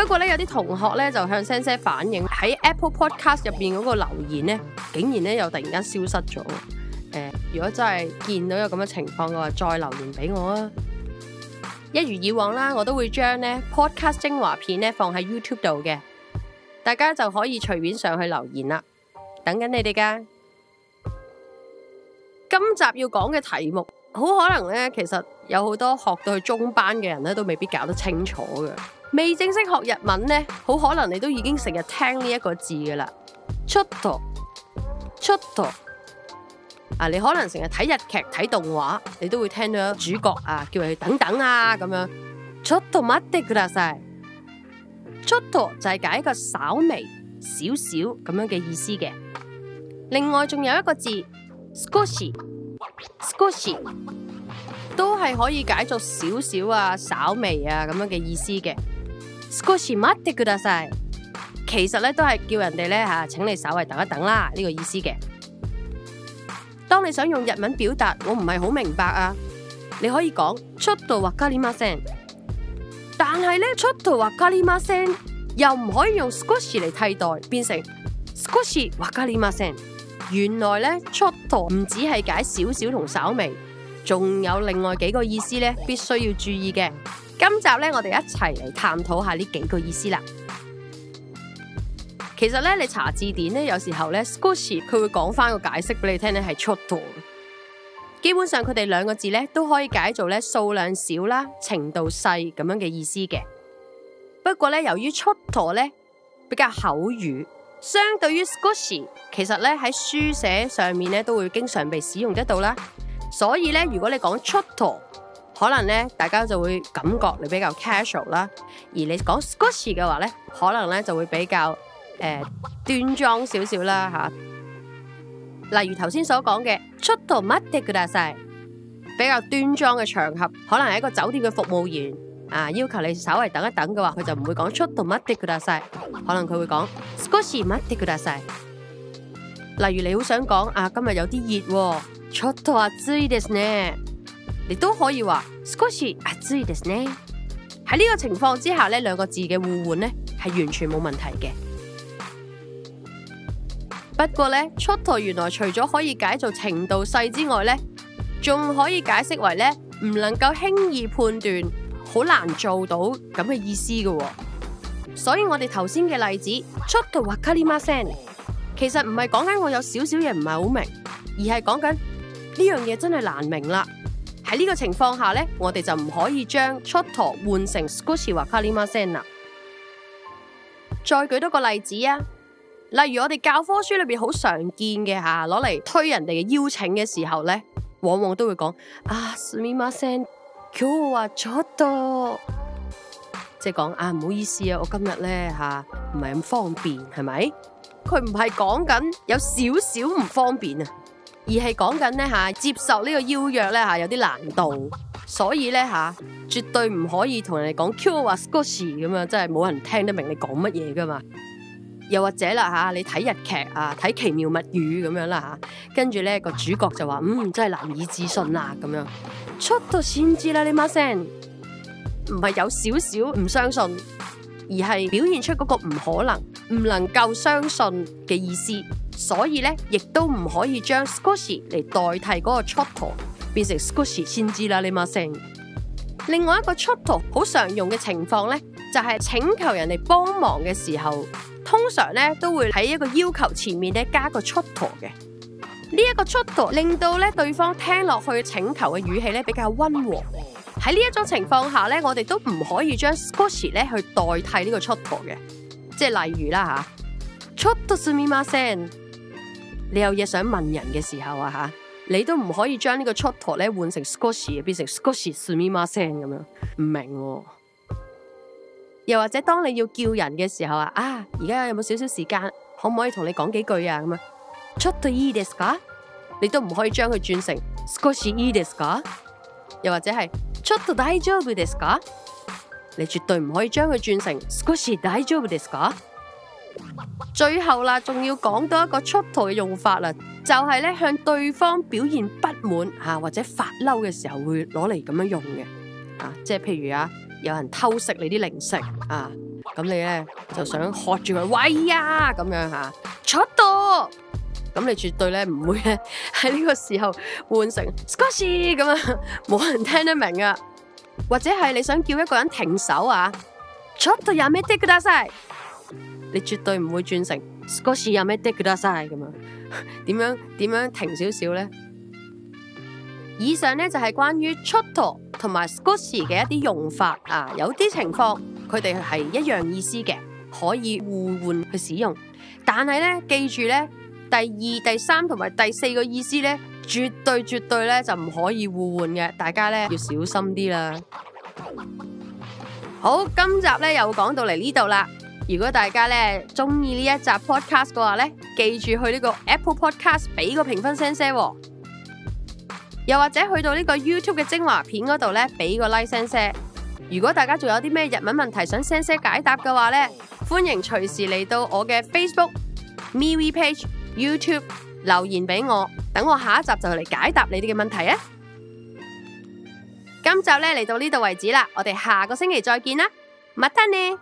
不過咧，有啲同學咧就向 Sensei 反映喺 Apple Podcast 入邊嗰個留言咧，竟然咧又突然間消失咗。誒、呃，如果真係見到有咁嘅情況嘅話，再留言俾我啊！一如以往啦，我都會將咧 Podcast 精華片咧放喺 YouTube 度嘅，大家就可以隨便上去留言啦。等緊你哋噶。今集要講嘅題目，好可能咧，其實有好多學到去中班嘅人咧，都未必搞得清楚嘅。未正式學日文咧，好可能你都已經成日聽呢一個字噶啦，ちょっと、ちょっと、啊，你可能成日睇日劇睇動畫，你都會聽到主角啊叫佢等等啊咁樣，ちょっと待ってください。ちょっと就係解一個稍微少少咁樣嘅意思嘅。另外仲有一個字，少し、少し，都係可以解作少少啊、稍微啊咁樣嘅意思嘅。少し待ってください其實咧都係叫人哋咧吓，請你稍微等一等啦，呢個意思嘅。當你想用日文表達，我唔係好明白啊。你可以講ちょっとわかりません但係咧ちょっとわかりません又唔可以用少し嚟替代，變成少しわかりません。原來咧ちょっと唔只係解少少同稍微，仲有另外幾個意思咧，必須要注意嘅。今集咧，我哋一齊嚟探討一下呢幾個意思啦。其實咧，你查字典咧，有時候咧，少し佢會講翻個解釋俾你聽咧，係ちょっと。基本上佢哋兩個字咧都可以解做咧數量少啦、程度細咁樣嘅意思嘅。不過咧，由於ちょっと咧比較口語，相對於少し，其實咧喺書寫上面咧都會經常被使用得到啦。所以咧，如果你講ちょっと可能咧，大家就會感覺你比較 casual 啦，而你講少し嘅話咧，可能咧就會比較誒、呃、端莊少少啦吓、啊。例如頭先所講嘅，ちょっと待ってください，比較端莊嘅場合，可能係一個酒店嘅服務員啊，要求你稍為等一等嘅話，佢就唔會講ちょっと待ってください，可能佢會講少し待ってください」。例如你好想講啊，今日有啲熱、哦，ちょっと暑いですね？你都可以話少し暑いですね。喺呢個情況之下呢，兩個字嘅互換呢係完全冇問題嘅。不過呢，ちょっと原來除咗可以解做程度細之外呢，仲可以解釋為呢，唔能夠輕易判斷，好難做到咁嘅意思嘅。所以我哋頭先嘅例子ちょっとわかりません其實唔係講緊我有少少嘢唔係好明，而係講緊呢樣嘢真係難明啦。喺呢個情況下咧，我哋就唔可以將ちょっと換成少し或わかりません啦。再舉多個例子啊，例如我哋教科書裏邊好常見嘅吓，攞嚟推人哋嘅邀請嘅時候咧，往往都會講啊すみません，今日はちょっと，即係講啊，啊，唔好意思啊，我今日咧吓，唔係咁方便，係咪？佢唔係講緊有少少唔方便啊。而係講緊咧吓，接受呢個邀約咧吓，有啲難度，所以咧吓、啊，絕對唔可以同人哋講少し咁樣真係冇人聽得明你講乜嘢噶嘛。又或者啦吓、啊，你睇日劇啊，睇《奇妙物語》咁樣啦吓，跟住咧個主角就話：嗯，真係難以置信啦咁、啊、樣。出到先知啦，你媽聲，唔係有少少唔相信，而係表現出嗰個唔可能、唔能夠相信嘅意思。所以咧，亦都唔可以將 sukoshi 嚟代替嗰個 chotto 變成 sukoshi 先知啦。sumimasen。另外一個 chotto 好常用嘅情況咧，就係、是、請求人哋幫忙嘅時候，通常咧都會喺一個要求前面咧加個 chotto 嘅。呢一個 chotto 令到咧對方聽落去請求嘅語氣咧比較溫和。喺呢一種情況下咧，我哋都唔可以將 sukoshi 咧去代替呢個 chotto 嘅。即係例如啦吓，chotto sumimasen？你有嘢想問人嘅時候啊吓，你都唔可以將呢個ちょっと換成少し，變成少しすみません咁樣，唔明、哦。又或者當你要叫人嘅時候啊，啊，而家有冇少少時間，可唔可以同你講幾句啊咁啊？ちょっといいですか，你都唔可以將佢轉成少しいいですか。又或者係ちょっと大丈夫ですか，你絕對唔可以將佢轉成少し大丈夫ですか。最後啦，仲要講到一個ちょっと嘅用法啦，就係咧向對方表現不滿吓或者發嬲嘅時候會攞嚟咁樣用嘅。啊，即係譬如啊，有人偷食你啲零食啊，咁你咧就想喝住佢，喂呀咁樣吓，ちょっと，咁你絕對咧唔會咧喺呢個時候換成少し咁啊，冇人聽得明啊。或者係你想叫一個人停手啊，ちょっとやめてください。你絕對唔會轉成少しやめてください咁樣，點樣點樣停少少咧？以上咧就係、是、關於ちょっと同埋少し嘅一啲用法啊，有啲情況佢哋係一樣意思嘅，可以互換去使用。但係咧，記住咧，第二、第三同埋第四個意思咧，絕對絕對咧就唔可以互換嘅，大家咧要小心啲啦。好，今集咧又講到嚟呢度啦。如果大家咧中意呢一集 podcast 嘅話咧，記住去呢個 Apple Podcast 俾個評分聲聲、哦，又或者去到呢個 YouTube 嘅精華片嗰度咧俾個 like 聲聲。如果大家仲有啲咩日文問題想聲聲解答嘅話咧，歡迎隨時嚟到我嘅 Facebook MeWe Page YouTube 留言俾我，等我下一集就嚟解答你哋嘅問題啊！今集咧嚟到呢度為止啦，我哋下個星期再見啦，またね。